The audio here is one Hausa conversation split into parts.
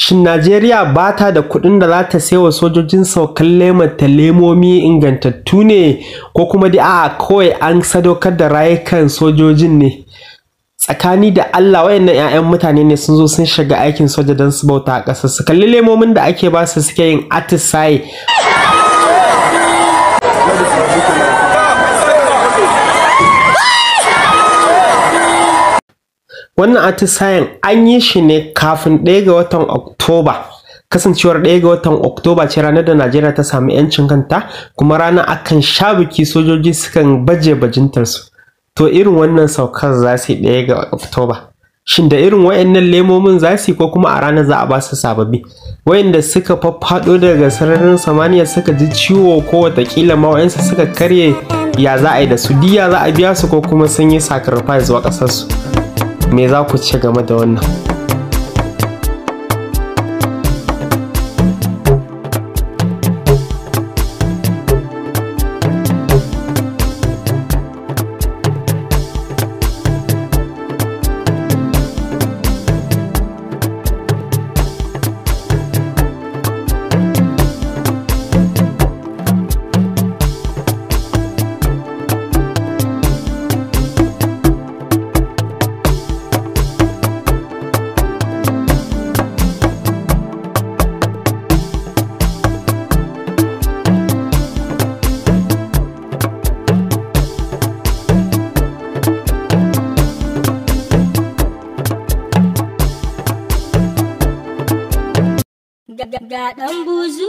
Shin Najeriya ba ta da kuɗin da za ta sayo sojojin saukan lemata lemomi ingantattu ne ko kuma dai a kawai an sadaukar da rayukan sojojin ne? Tsakani da Allah wayannan 'ya'yan mutane ne sun zo sun shiga aikin soja don su bauta a ƙasa su kalli lemomin da ake ba su suke yin atisaye. wannan atisayen an yi shi ne kafin ɗaya ga watan oktoba kasancewar ɗaya ga watan oktoba ce ranar da najeriya ta sami yancin kanta kuma rana akan sha biki sojoji sukan baje bajintarsu to irin wannan saukar za su ɗaya ga oktoba shin da irin wayannan lemomin za su ko kuma a ranar za a ba su sababbi wayanda suka faffaɗo daga sararin samaniya suka ji ciwo ko watakila ma suka karye ya za a yi da su diya za a biya su ko kuma sun yi sacrifice wa ƙasarsu me za ku ci game da wannan ga ɗan buzu.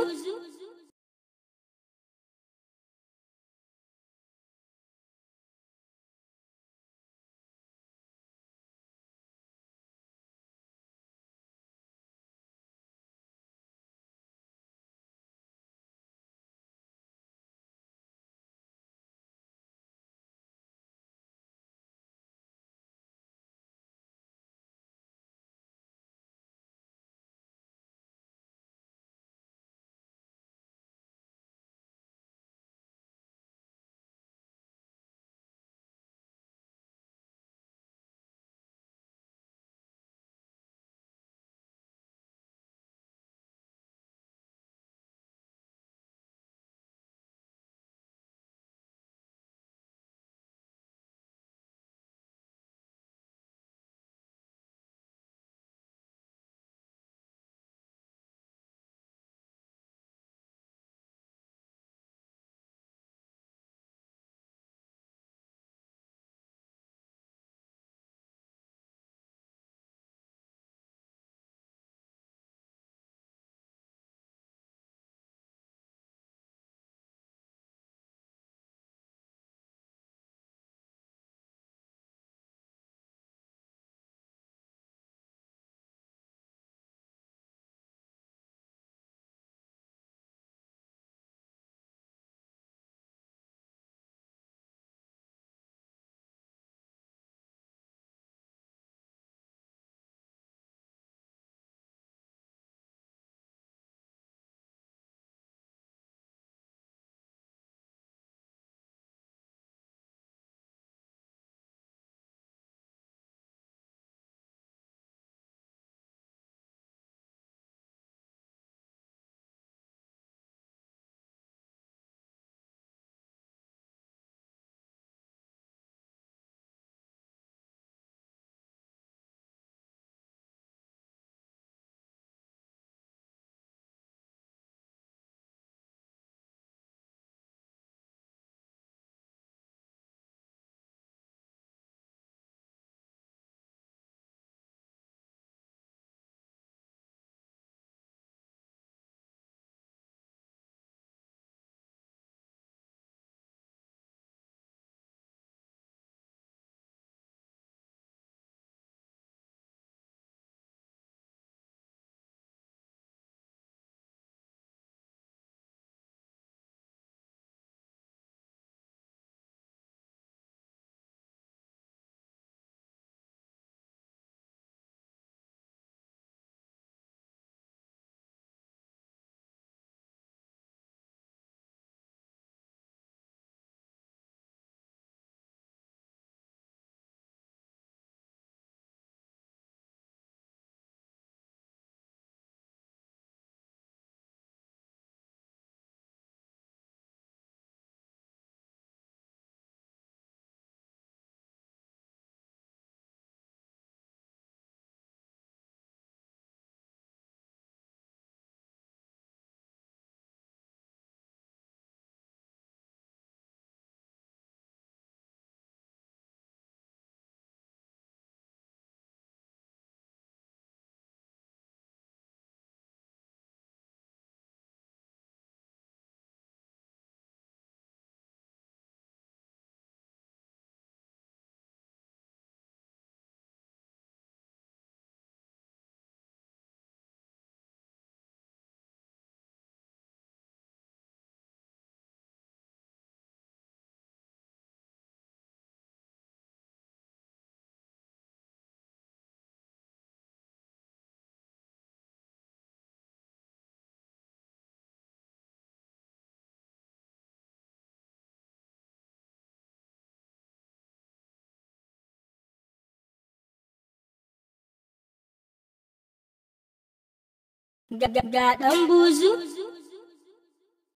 Gà, gà, gà, gà,